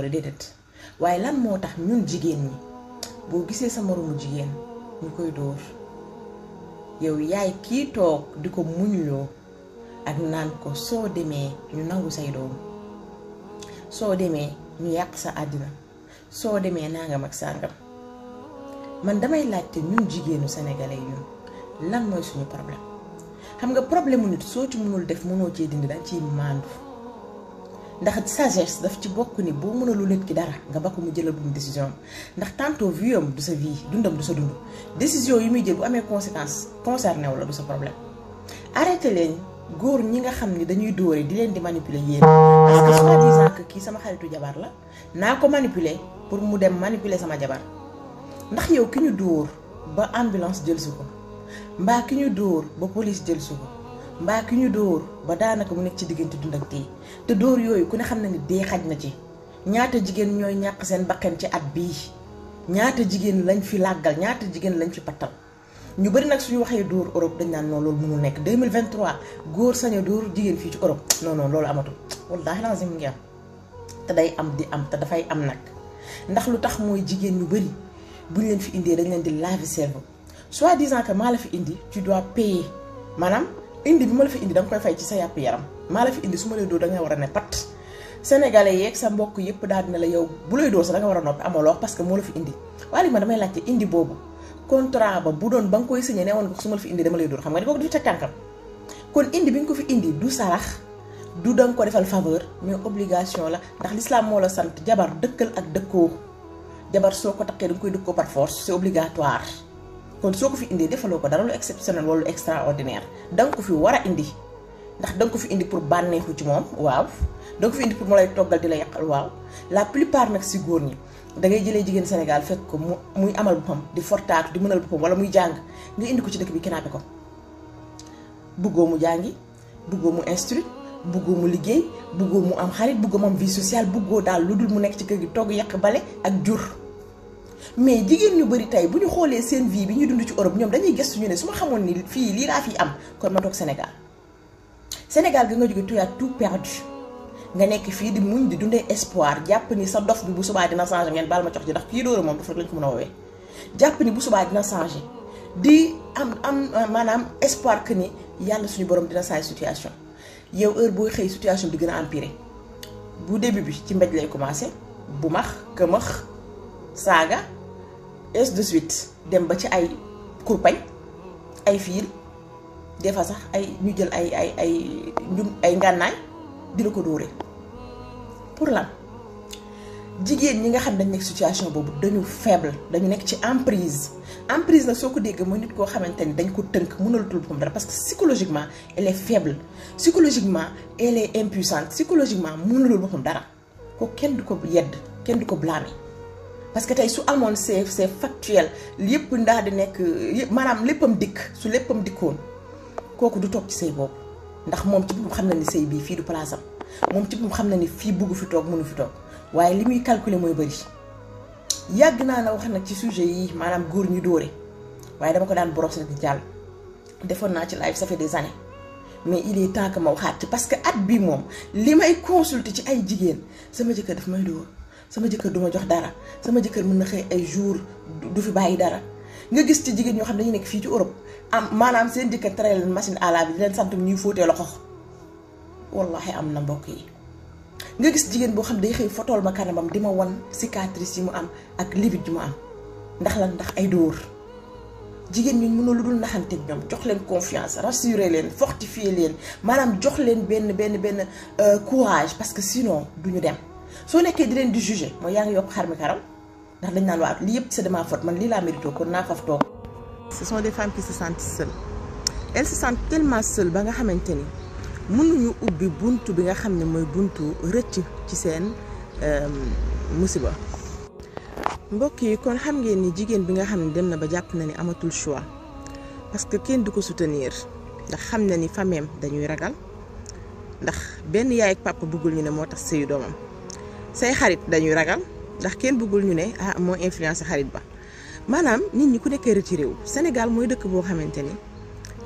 wala déedéet waaye lan moo tax ñun jigéen ñi boo gisee sa moromu jigéen ñu koy dóor yow yaay kii toog di ko muñuloo ak naan ko soo demee ñu nangu say doom soo demee ñu yàq sa àddina soo demee nangam ak sàngam man damay laaj laajte ñun jigéenu sénégalais ñun lan mooy suñu problème xam nga problème mu nit soo ci mënul def mënoo cee dindi dañ ciy maandu. ndax sagesse daf ci bokk ni boo mënalu nit ki dara nga ba ko mu jëlal bu mu décision ndax tantôt vie am du sa vie dundam du sa dund décision yi muy jël bu amee conséquence concerné wu la du sa problème arrêté leen góor ñi nga xam ni dañuy dóore di leen di manipuler yéen parce que soi-disant que kii sama xaritu jabar la naa ko manipuler pour mu dem manipuler sama jabar ndax yow ki ñu dóor ba ambulance jël si ko mbaa ki ñu dóor ba police jël si ko mbaa ki ñu dóor ba daanaka mu nekk ci diggante dund ak dee te dóor yooyu ku ne xam na ni dee xaj na ci ñaata jigéen ñooy ñàkk seen bakkan ci at bii ñaata jigéen lañ fi làggal ñaata jigéen lañ fi pattal ñu bëri nag su suñu waxee dóor Europe dañ naan non loolu mu nekk 2023 góor saña dóor jigéen fii ci Europe non non loolu amatul wallaahi lazim mu ngi am te day am di am te dafay am nag ndax lu tax mooy jigéen ñu bëri bu ñu leen fi indee dañ leen di laver cerveau soit disant que maa la fi indi tu dois payer maanaam indi bi ma la fi indi da nga koy fay ci sa yàpp yaram maa la fi indi su lay dóor da nga war a ne pat sénégalais yeeg sa mbokk yëpp daal dina la yow bu lay dóor sax da war a noppi amaloo parce que moo la fi indi waaye li ma damay laajte indi boobu ba bu koy signé ne woon ko su ma la fi indi dama lay dóor xam nga ni kooku du fi teg kon indi bi nga ko fi indi du sarax du da ko defal faveur mais obligation la ndax l'islam moo la sant jabar dëkkal ak dëkkoo jabar soo ko taqee da nga koy dëkkoo par force c'est obligatoire kon soo ko fi indee defaloo ko dara lu exceptionnel wala lu extraordinaire da nga ko fi war a indi ndax da nga ko fi indi pour bànneexu ci moom waaw da ko fi indi pour mu lay toggal di la yàqal waaw la plupart nag si góor ñi dangay ngay jëlee jigéen Sénégal fekk ko mu muy amal boppam di fortaatu di mënal boppam wala muy jàng nga indi ko ci dëkk bi kenaape ko bëggoo mu jàngi bëggoo mu instruit bëggoo mu liggéey bëggoo mu am xarit bëggoo mu am vie sociale bëggoo daal lu dul mu ci kër gi togg yàq bale ak jur mais jigéen ñu bëri tey bu ñu xoolee seen vie bi ñu dund ci Europe ñoom dañuy gëstu ñu ne su ma xamoon ni fii lii laa fi am kon ma toog Sénégal Sénégal ga nga jóge tu tout perdu nga nekk fii di muñ di dundee espoir jàpp ni sa dof bi bu subaa dina changé ngeen baal ma cox ji ndax kii dóora moom dafa a woowee jàpp ni bu subaa dina changé di am am maanaam espoir que ni yàlla suñu borom dina saay situation yow heure boo xëy situation bi di gën a empiré bu début bi ci mbéj lay commencé bu max këmax saaga ainsi de suite dem ba ci ay kurpañ ay fiir des sax ay ñu jël ay ay ay ay ngànnaay dina ko dóore pour lan jigéen ñi nga xam dañ nekk situation boobu dañu faible dañu nekk ci emprise emprise nag soo ko dégg mooy nit koo xamante ni dañ ko tënk mënalatul boppam dara parce que psychologiquement elle est faible psychologiquement elle est impuissante psychologiquement mënalul boppam dara ko kenn du ko yedd kenn du ko blâmer parce que tey su amoon c'est c'est factuel yëpp ndaa di nekk yëpp maanaam léppam dikk su léppam dikkoon kooku du toog ci sëy boobu ndax moom ci boppam xam na ni sëy bii fii du moom ci boppam xam na ni fii bugg fi toog mënu fi toog waaye li muy calculer mooy bëri yàgg naa na wax nag ci sujet yi maanaam góor ñu dóore waaye dama ko daan boros rek di jàll defoon naa ci live ça des années mais il est temps ma waxaat ci parce que at bi moom li may consulter ci ay jigéen sama jëkkër daf may dóor sama jëkkër du ma jox dara sama jëkkër mën na xëy ay jour du fi bàyyi dara nga gis ci jigéen ñoo xam ne dañu nekk fii ci Europe am maanaam seen jëkkër tere leen machine à laver di leen sant ñuy fóotee loxo wallahi am na mbokk yi nga gis jigéen boo xam day xëy fotool ma kanamam di ma wan cicatrice yi mu am ak libit yi mu am ndax lan ndax ay dóor jigéen ñi mënoo lu dul naxante ñoom jox leen confiance rassurer leen fortifier leen maanaam jox leen benn benn benn euh, courage parce que sinon duñu dem. soo nekkee di leen di jugé mooy yaa ngi yokk xar mi karam ndax dañ naan waa lii yëpp c'est de ma faute man lii laa mérito kon naa faf toog ce sont des femmes qui se sentent seules elles se sentent tellement ba nga xamante ni mënuñu ubbi buntu bi nga xam ne mooy buntu rëcc ci seen euh, musiba mbokk yi kon xam ngeen ni jigéen bi nga xam ne dem na ba jàpp na ni amatul choix parce que kenn du ko soutenir ndax xam na ni fameem dañuy ragal ndax benn yaay ak papa buggul ñu ne moo tax sëyu doomam say xarit dañuy ragal ndax kenn bëggul ñu ne ah moo influence xarit ba maanaam nit ñi ku nekkee retiré wu Sénégal mooy dëkk boo xamante ni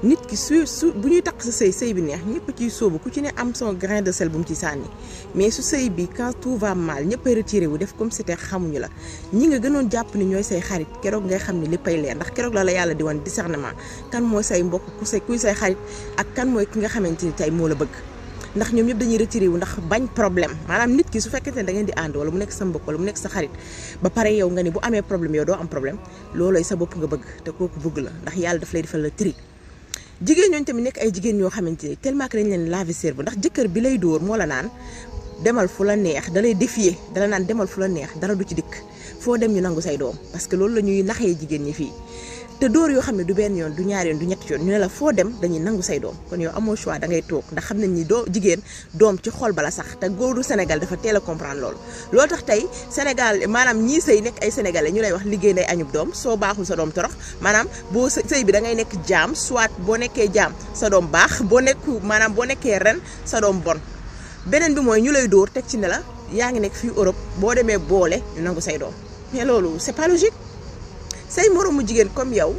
nit ki su su bu ñuy takk sa sëy bi neex ñëpp ciy sóobu ku ci ne am soo grain de sel bu mu ci sànni mais su sëy bi quand tout va mal ñëpp a wu def comme c'était xamuñu la ñi nga gënoon jàpp ni ñooy say xarit keroog ngay xam ne léppay leer ndax keroog la la yàlla di wan discernement kan mooy say mbokk ku say kuy say xarit ak kan mooy ki nga xamante ni tey moo la bëgg ndax ñoom ñëpp dañuy retiré wu ndax bañ problème maanaam nit ki su fekkente ne da ngeen di ànd wala mu nekk sa mbokk wala mu nekk sa xarit ba pare yow nga ni bu amee problème yow doo am problème loolooy sa bopp nga bëgg te kooku bëgg la ndax yàlla daf lay defal la tri jigéen ñooñu tamit nekk ay jigéen ñoo xamante ne tellement que dañ leen laver cerveau ndax jëkkër bi lay dóor moo la naan demal fu la neex da lay défier dala naan demal fu la neex dara du ci dikk foo dem ñu nangu say doom parce que loolu la ñuy naxee jigéen ñi fii te dóor yoo xam ne du benn yoon du ñaari yoon du ñetti yoon ñu ne la foo dem dañuy nangu say doom kon yow amoo choix da ngay toog ndax xam nañ ni doo jigéen doom ci xol bala sax góoru Sénégal dafa teel a comprendre loolu tax tey Sénégal maanaam ñii sëy nekk ay sénégalais ñu lay wax liggéey nday añub doom soo baaxul sa doom torox maanaam boo sëy bi da ngay nekk jaam soit boo nekkee jaam sa doom baax boo nekku maanaam boo nekkee ren sa doom bon beneen bi mooy ñu lay dóor teg ci ne la yaa ngi nekk fii Europe boo demee boole ñu nangu say doom mais loolu c'est say moroomu jigéen comme yow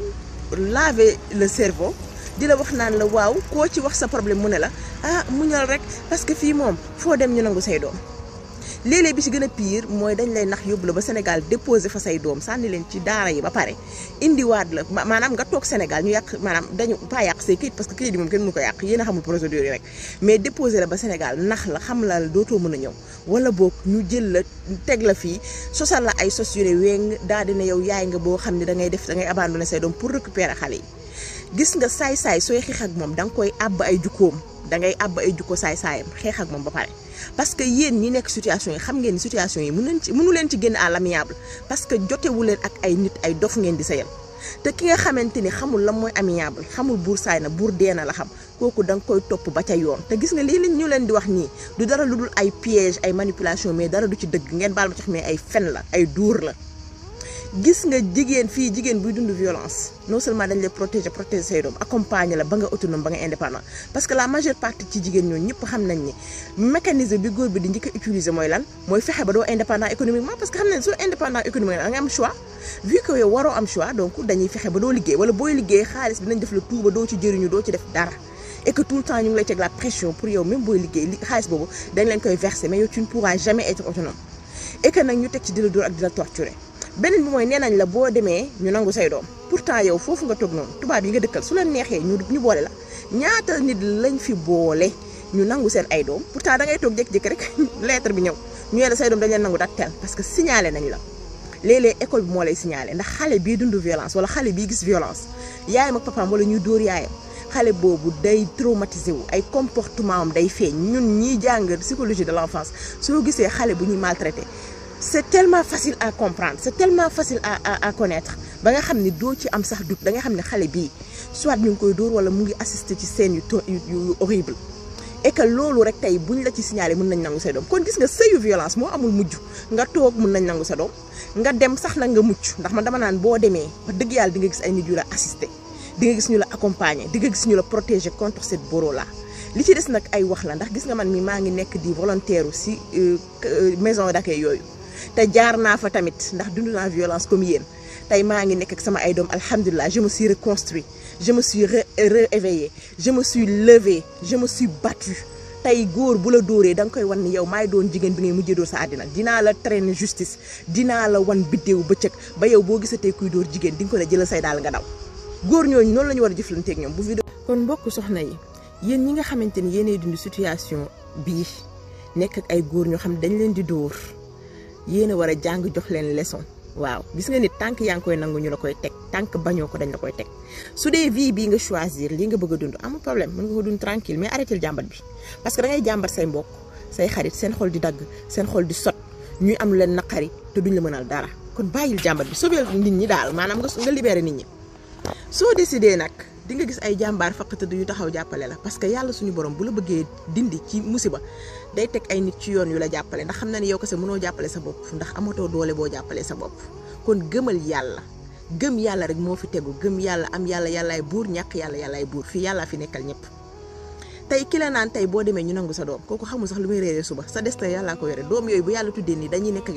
laver le cerveau dina wax naan la waaw koo ci wax sa problème mu ne la ah muñal rek parce que fii moom foo dem ñu nangu say doom léeg bi ci gën a pire mooy dañ lay nax yóbbu la ba Sénégal déposé fa say doom sànni leen ci daara yi ba pare indiwaat la maanaam nga toog Sénégal ñu yàq maanaam dañu pas yàq say këyit parce que këyit yi moom kenn mënu ko yàq yéen a xamul procédure yi déposé la ba nax la xam ne dootoo mën a ñëw wala book ñu jël la teg la fii sosal la ay sos yu ne weng daal dina yow yaay nga boo xam ne da ngay def da ngay abandonné say doom pour récupérer xale yi gis nga saay-saay sooy xeex ak moom da nga koy àbb ay jukkoom da ngay àbb ay jukko saay-saayam xeex moom ba pare parce que yéen ñi nekk situation yi xam ngeen ni yi mënu leen ci mënu leen ci génn à l'amiable parce que jotewu leen ak ay nit ay dof ngeen di sayal te ki nga xamante ni xamul la mooy amiable xamul buur saay na buur dee na la xam kooku da nga koy topp ba ca yoon te gis nga lii ñu leen di wax nii du dara lu dul ay piège ay manipulation mais dara du ci dëgg ngeen baal ma ci mais ay fen la ay duur la gis nga jigéen fii jigéen buy dund violence non seulement dañ lay protéger protéger say doom accompagner la ba nga autonome ba nga indépendant parce que la majeure partie ci jigéen ñooñu ñëpp xam nañ ni mécanisme bi góor bi di njëkk utiliser mooy lan mooy fexe ba doo indépendant économiquement parce que xam nañ soo indépendant économiquement da nga am choix vu que yow waroo am choix donc dañuy fexe ba doo liggéey wala booy liggéey xaalis bi nañ def la tout ba doo ci jëriñu doo ci def dara et que tout le dañ leen beneen bi mooy nee nañ la boo demee ñu nangu say doom pourtant yow foofu nga toog noonu tubaab yi nga dëkkal su leen neexee ñu ñu boole la ñaata nit lañ fi boole ñu nangu seen ay doom pourtant da ngay toog jékki-jékki rek lettre bi ñëw ñu ne la say doom dañ leen nangu dat teel parce que signalé nañ la léeg-léeg école bi moo lay signalé ndax xale bii dund violence wala xale bii gis violence yaayam ak papaam wala ñuy dóor yaayam xale boobu day traumatisé wu ay comportement am day feeñ ñun ñiy jàng psychologie de l'enfance soo gisee xale bu ñuy maltraité c'est tellement facile à comprendre c'est tellement facile à à à connaître ba nga xam ni doo ci am sax doute da xam ne xale bii soit ñu ngi koy dóor wala mu ngi assister ci scène yu yu horrible et loolu rek tey buñ la ci signalé mën nañ nangu sa doom kon gis nga sëyu violence moo amul mujj nga toog mun nañ nangu sa doom nga dem sax nag nga mucc ndax ma dama naan boo demee wax dëgg yàlla di nga gis ay nit yu la assister di ñu la accompagner di nga gis ñu la protéger contre cette boro là li ci des nag ay wax la ndax gis nga man mi maa ngi nekk di volontaire si euh, euh, maison d'accueil yooyu te jaar naa fa tamit ndax dund naa violence comme yéen tey maa ngi nekk ak sama ay doom alhamdulilah je me suis reconstruit je me suis rééveillé je me suis levé je me suis battu tey góor bu la dóoree danga koy wan ni yow maay doon jigéen bi ngay mujjee dóor sa àddina dinaa la traîner justice dinaa la wan biddéew bëccëg ba yow boo gisatee kuy dóor jigéen di nga ko la jëlal say daal nga daw góor ñooñu noonu la ñu war a jëflanteeg ñoom bu vidéo kon mbokk soxna yi yéen ñi nga xamante ni yéenay dund situation bii nekk ay góor ñoo xam dañ leen di dóor yéen a war a jàng jox leen leçon waaw gis nga nit tànk yaa ngi koy nangu ñu la koy teg tànk bañoo ko dañ la koy teg su dee vie bii nga choisir lii nga bëgg a dund amul problème mën nga ko dund tranquille mais arrêté jàmbat bi parce que da ngay jàmbat say mbokk say xarit seen xol di dagg seen xol di sot ñuy am leen naqari te duñu la mënal dara kon bàyyil jàmbat bi sobeel nit ñi daal maanaam nga libéré nit ñi soo décidé nag di nga gis ay jàmbaar faqatëdd yu taxaw jàppale la parce que yàlla suñu borom bu la bëggee dindi ci musiba day teg ay nit ci yoon yu la jàppale ndax xam na ne yow kese mënoo jàppale sa bopp ndax amatoo doole boo jàppale sa bopp kon gëmal yàlla gëm yàlla rek moo fi tegu gëm yàlla am yàlla yàllaay buur ñàkk yàlla yàllaay buur fii yàllaa fi nekkal ñëpp tey ki la naan tey boo demee ñu nangu sa doom kooku xamul sax lu muy réeree suba sa destin yàllaa ko yore doom yooyu bu yàlla tuddee di nattu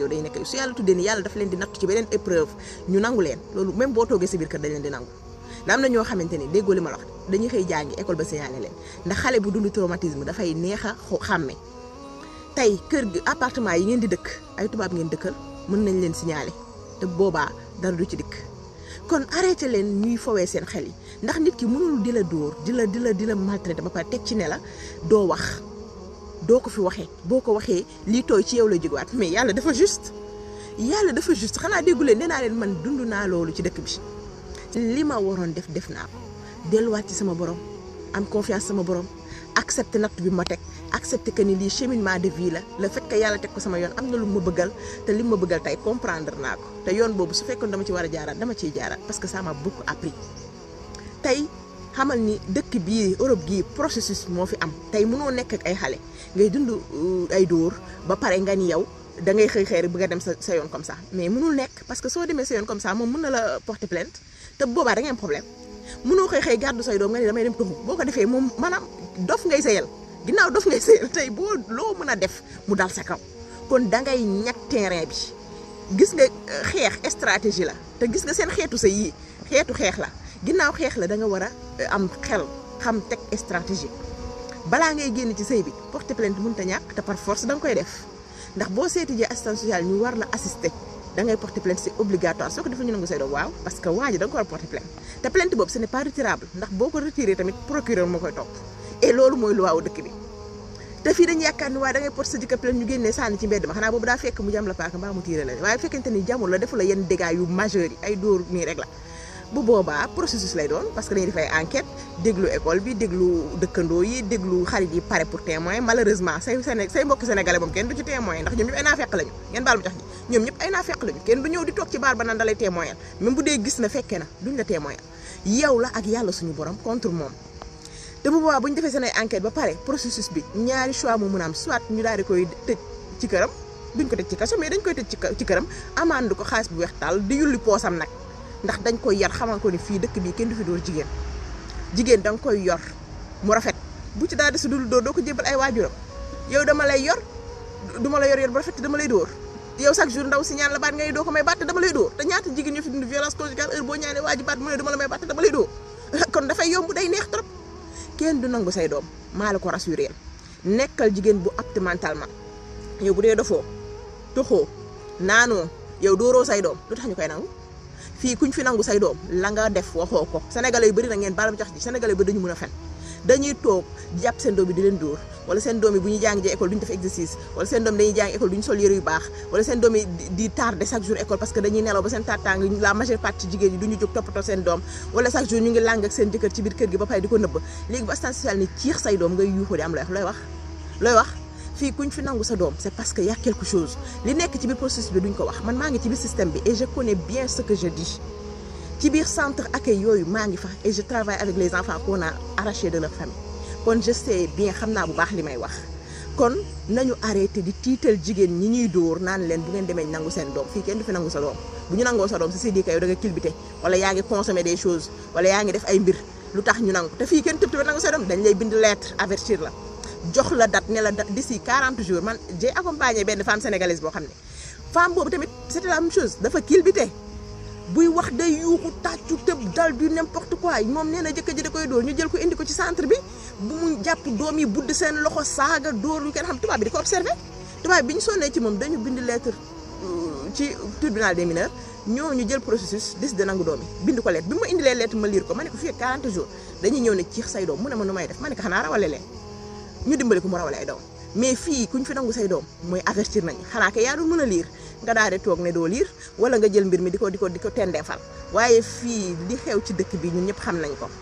da am ñoo xamante ne déggoo li ma la wax dañuy xëy jàngi école ba signalé leen ndax xale bu dund traumatisme dafay neex a xàmme tey kër gi appartement yi ngeen di dëkk ay tubaab ngeen dëkkal mën nañ leen signalé te boobaa dara du ci dikk kon arrêté leen ñuy fowee seen xel yi ndax nit ki mënul di la dóor di la di la di la maltraité ba pare teg ci ne la doo wax doo ko fi waxee boo ko waxee lii tooy ci yow la jógewaat mais yàlla dafa juste yàlla dafa juste xanaa déggu leen nee naa leen man dund naa loolu ci dëkk bi li ma waroon def def naa ko delluwaat ci sama borom am confiance sama borom accepter natt bi ma teg accepter que ni lii cheminement de vie la la fait que yàlla teg ko sama yoon am na lu ma bëggal te li ma bëggal tey comprendre naa ko te yoon boobu su fekkoon dama ci war a jaaraat dama ciy jaaraat parce que ça m'a beaucoup appris tey xamal ni dëkk bii Europe gii processus moo fi am tey mënoo nekk ak ay xale ngay dund euh, ay dóor ba pare nga ni yow da xëy a dem sa sa yoon nekk parce que soo demee sa yoon comme ça moom na la porter plainte te boobaa dangeen ngeen problème mënoo xëy xëy gàddu say doom nga ni damay dem tuxu boo ko defee moom maanaam dof ngay sëyal ginnaaw dof ngay sëyal tey boo loo mën a def mu dal sa kaw kon da ngay ñag terrain bi gis nga euh, xeex stratégie la te gis nga seen xeetu sa yii xeetu xeex la ginnaaw xeex la da nga war a euh, am xel xam teg stratégie balaa ngay génn ci sëy bi porte plainte mënta ñàkk te par force da nga koy def ndax boo seeti jee assistance sociale ñu war la assister da ngay porter plainte c'est obligatoire soo ko defee ñu nangu say doom waaw parce que waa ji ko war a porter plainte te plainte boobu ce pas retirable ndax boo ko retiré tamit procureur moo koy topp et loolu mooy loi wu dëkk bi te fii dañu yaakaar ni waaye da ngay sa jëkkër plainte ñu génnee sànni ci mbedd ma xanaa boobu daa fekk mu jam la paaka mbaa mu tiire la waaye fekkente ni jamul la defu la yenn dégâts yu majeurs yi ay dóor nii rek la bu boobaa processus lay doon parce que dañuy def ay enquête déglu école bi déglu dëkkandoo yi déglu xarit yi pare pour témoin malheureusement say say mbokki sénégalais moom kenn du ci témoin ndax ñoom ñëpp ay naafeq lañu ngeen baal mu tax lañu kenn du ñëw di toog ci baar ba naan da lay témoignal bu dee gis na fekkee na duñ la témoignal yow la ak yàlla suñu borom contre moom te bu boobaa bu ñu defee seen ay enquête ba pare processus bi ñaari choix moo mën am soit ñu daal di koy tëj ci këram duñ ko tëj ci kaso mais dañ ko xaalis bu weex taal di yulli poosam nag ndax dañ koy yar xamal ko ni fii dëkk bii kenn du fi dóor jigéen jigéen danga koy yor mu rafet bu ci daal di si dul dóor doo ko jébbal ay waajuram yow dama lay yor duma la yor yor bu rafet te dama lay dóor yow chaque jour ndaw si ñaan la baat ngay doo ko may baat te dama lay dóor te ñaata jigéen ñoo fi dund violence conjugale heure boo ñaanee waa ji la may baat te dama lay dóor kon dafay yomb day neex trop kenn du nangu say doom maa la ko rassuré nekkal jigéen bu apte mentalement yow bu dee dofoo toxoo naanoo yow dóoroo say doom lu tax ñu koy nangu fii kuñ fi nangu say doom la nga def waxoo ko sénégalais yu bëri na ngeen baal ma jox ci sénégalais yu bëri dañu mën a fen dañuy toog jàpp seen doom yi di leen dóor wala seen doom yi bu ñuy jàng ji jour école parce que dañuy nelaw ba seen tàttang la majeure partie jigéen ñi du jóg toppatoo seen doom wala chaque jour ñu ngi làng ak seen jëkkër ci biir kër gi ba pare di ko nëbb léegi bu assistance ni ciix say doom ngay yuuxu di am looy fii kuñ fi nangu sa doom c'est parce que y a quelque chose li nekk ci biir processus bi duñ ko wax man maa ngi ci biir système bi et je connais bien ce je dis ci centre accueil yooyu maa ngi fa et je travaille a arrachés de leur famille kon je sais naa bu baax li may wax kon nañu arrêté di tiital jigéen ñi ñuy dóor naan leen bu ngeen demee nangu seen doom fii kenn du fi nangu sa doom bu ñu nangoo sa doom si si di kayo da kilbite wala yaa ngi consommer des choses wala yaa ngi def ay mbir lu tax ñu nangu te fii kenn tëb tëb nangu sa doom dañ lay bind lettre avertir la jox la date ne la d'ici 40 jours man j'ai accompagné benn femme sénégalaise boo xam ne femme boobu tamit c'était la même chose dafa kilbite buy wax day yuuxu tàccu tëb dal du n'importe quoi moom nee na jëkkër ji da koy dóor ñu jël ko indi ko ci centre bi bu mu jàpp doom yi budd seen loxo saaga dóor lu kenn xam tubaab bi di ko observé tubaab bi ñu sonnee ci moom dañu bind lettre euh, ci tribunal des mineurs ñoo ñu jël processus décidé nangu doom yi bind ko lettre bi ma indilee lettre ma liir ko ma def ma ne ko xanaa ñu dimbali ko mu rawale ay doom mais fii kuñ fi nangu say doom mooy avertir nañ xanaa ke yaa dul mën a liir nga daal di toog ne doo liir wala nga jël mbir mi di ko di ko di ko tendeefal waaye fii li xew ci dëkk bi ñun ñëpp xam nañ ko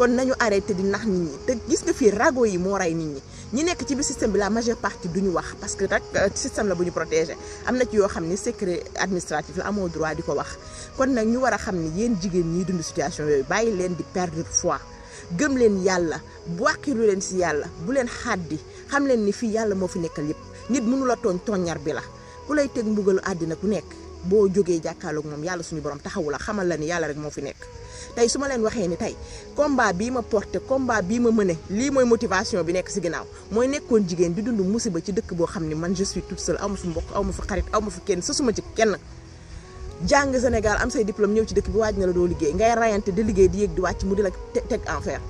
kon nañu arrêté di nax nit ñi te gis nga fii rago yi moo rey nit ñi ñi nekk ci biir système bi la majeure partie duñu wax parce que rek euh, système la bu ñu protégé am na ci yoo xam ni secret administratif la amoo droit di ko wax kon nag ñu war a xam ni yéen jigéen ñiy dund situation yooyu bàyyi leen di perdre foi gëm leen yàlla wàkkilu leen si yàlla bu leen xàddi xam leen ni fii yàlla moo fi nekkal yépp nit mënula tooñ tooñar bi la ku lay teg mbugalu àddina ku nekk boo jógee jàkkaarloog moom yàlla suñu borom taxawu la xamal la ni yàlla rek moo fi nekk tey su ma leen waxee ni tey combat bii ma porté combat bii ma mëne lii mooy motivation bi nekk si ginnaaw mooy nekkoon jigéen di dund musiba ci dëkk boo xam ne man je suis toute seule aw ma fi mbokk aw ma fi xarit aw ma fi kenn sësuma ci kenn jàng Sénégal am say diplôme ñëw ci dëkk bi waaj na la doo liggéey ngay rayante di liggéey di yéeg di wàcc mu di la teg enfer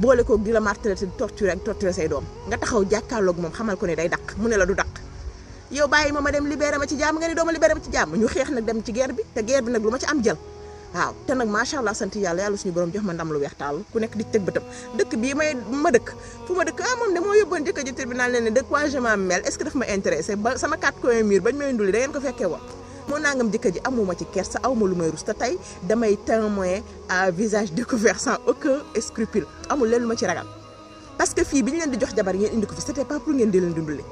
boole koog di la martraité di torturer ak torturer say doom nga taxaw jàkkaarloog moom xamal ko ne day dàq mu ne la du dàq yow bàyyi ma ma dem libéré ma ci jàmm nga ne doo ma libéré ma ci jàmm ñu xeex nag dem ci guerre bi te guerre bi nag lu ma ci am jël waaw te nag macha allah yàlla yàlla suñu borom jox ma ndam lu weex tàll moo nangam jëkkër ji amuma ci aw awma lu may rus te tey damay témoin à visage découvert sans aucun scrupule amul leen lu ma ci ragal parce que fii bi ñu leen di jox jabar ngeen indi ko fi c'était pas pour ngeen di leen dundale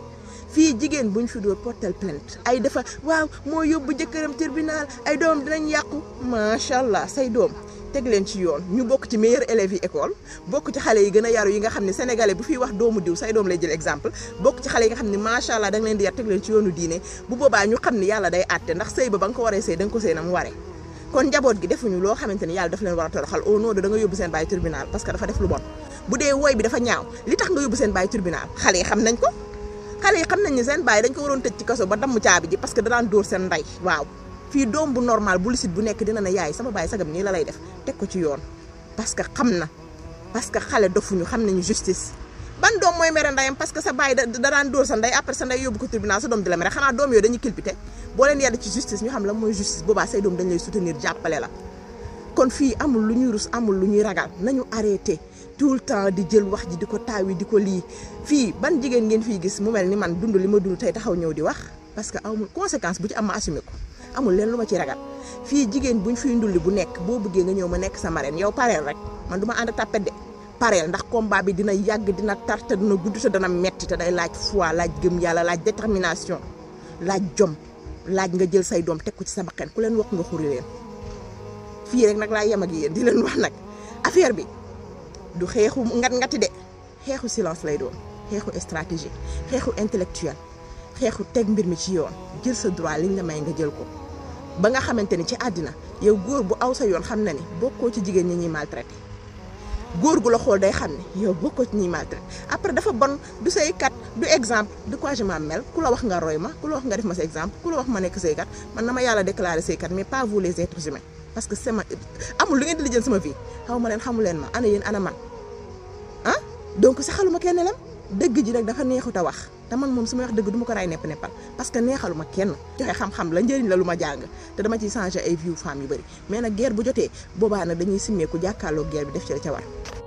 fii jigéen bu ñu fi doon porter plainte ay dafa waaw moo yóbbu jëkkëram tribunal ay doom dinañ yàqu macha allah say doom teg leen ci yoon ñu bokk ci meilleurs élèves yi école bokk ci xale yi gën a yaru yi nga xam ne sénégalais bu fiy wax doomu diw say doom lay jël exemple bokk ci xale yi nga xam ne macha allah da nga leen di yar teg leen ci yoonu diine bu boobaa ñu xam ne yàlla day àtte ndax sëy ba ba nga ko waree sëy da ko sëy na mu waree kon njaboot gi defuñu loo xamante yàlla daf leen war a toroxal au nom da nga yóbbu seen bàyyi tribunal parce dafa def lu bon fii doom bu normal bu lisit bu nekk dina ne yaay sama baay sagam nii la lay def teg ko ci yoon parce que xam na parce que xale dofuñu xam nañu justice ban doom mooy mere ndeyam parce que sa baay da daan dóor sa ndey après sa ndey yóbbu ko tribunal sa doom di la mere xanaa doom yooyu dañuy kilpite boo leen yedd ci justice ñu xam la mooy justice boobaa say doom dañ lay soutenir jàppale la kon fii amul lu ñuy rus amul lu ñuy ragal nañu arrêté tout le temps di jël wax ji di ko taawi di ko lii fii ban jigéen ngeen fii gis mu mel ni man dund li ma dund tey taxaw ñëw di wax parce que amul conséquence bu ci am assumé ko amul leen lu ma ci ragal fii jigéen bu ñu fiy ndulli bu nekk boo bëggee nga ñëw ma nekk sa marraine yow pareel rek man du ma ànd tàppet de pareel ndax komba bi dina yàgg dina tar te dina gudd te dana metti te day laaj foi laaj gëm yàlla laaj détermination laaj jom laaj nga jël say doom teg ko ci sa bakkan ku leen wax nga xuri leen fii rek nag laa yem ak yéen di leen wax nag affaire bi du xeexu ngat-ngati de xeexu silence lay doon xeexu stratégie xeexu intellectuel xeexu teg mbir mi ci yoon jël sa droit liñ la may nga jël ko ba nga xamante ni ci àddina yow góor bu aw sa yoon xam na ni bokkoo ci jigéen ñi ñuy maltraité góor gu la xool day xam ne yow bokkoo ci ñuy maltraité après dafa bon du saykat du exemple de quoi je mel ku la wax nga roy ma ku la wax nga def ma sa exemple ku la wax ma nekk saykat man na ma yàlla déclaré saykat mais pas vous les êtres parce que sama amul lu ngeen di lijjën sama vie xaw ma leen xamu leen ma ana yéen ana man ah donc sa xaluma kenn lam dëgg ji nag dafa neexut a wax. te man moom su ma wax dëgg du ma ko raay nepp neppal parce que neexalu ma kenn joxe xam-xam la njëriñ la lu ma jàng te dama ci changé ay view femmes yu bëri mais nag guerre bu jotee boobaa nag dañuy simmeeku jàkkaarloo guerre bi def ci la ca war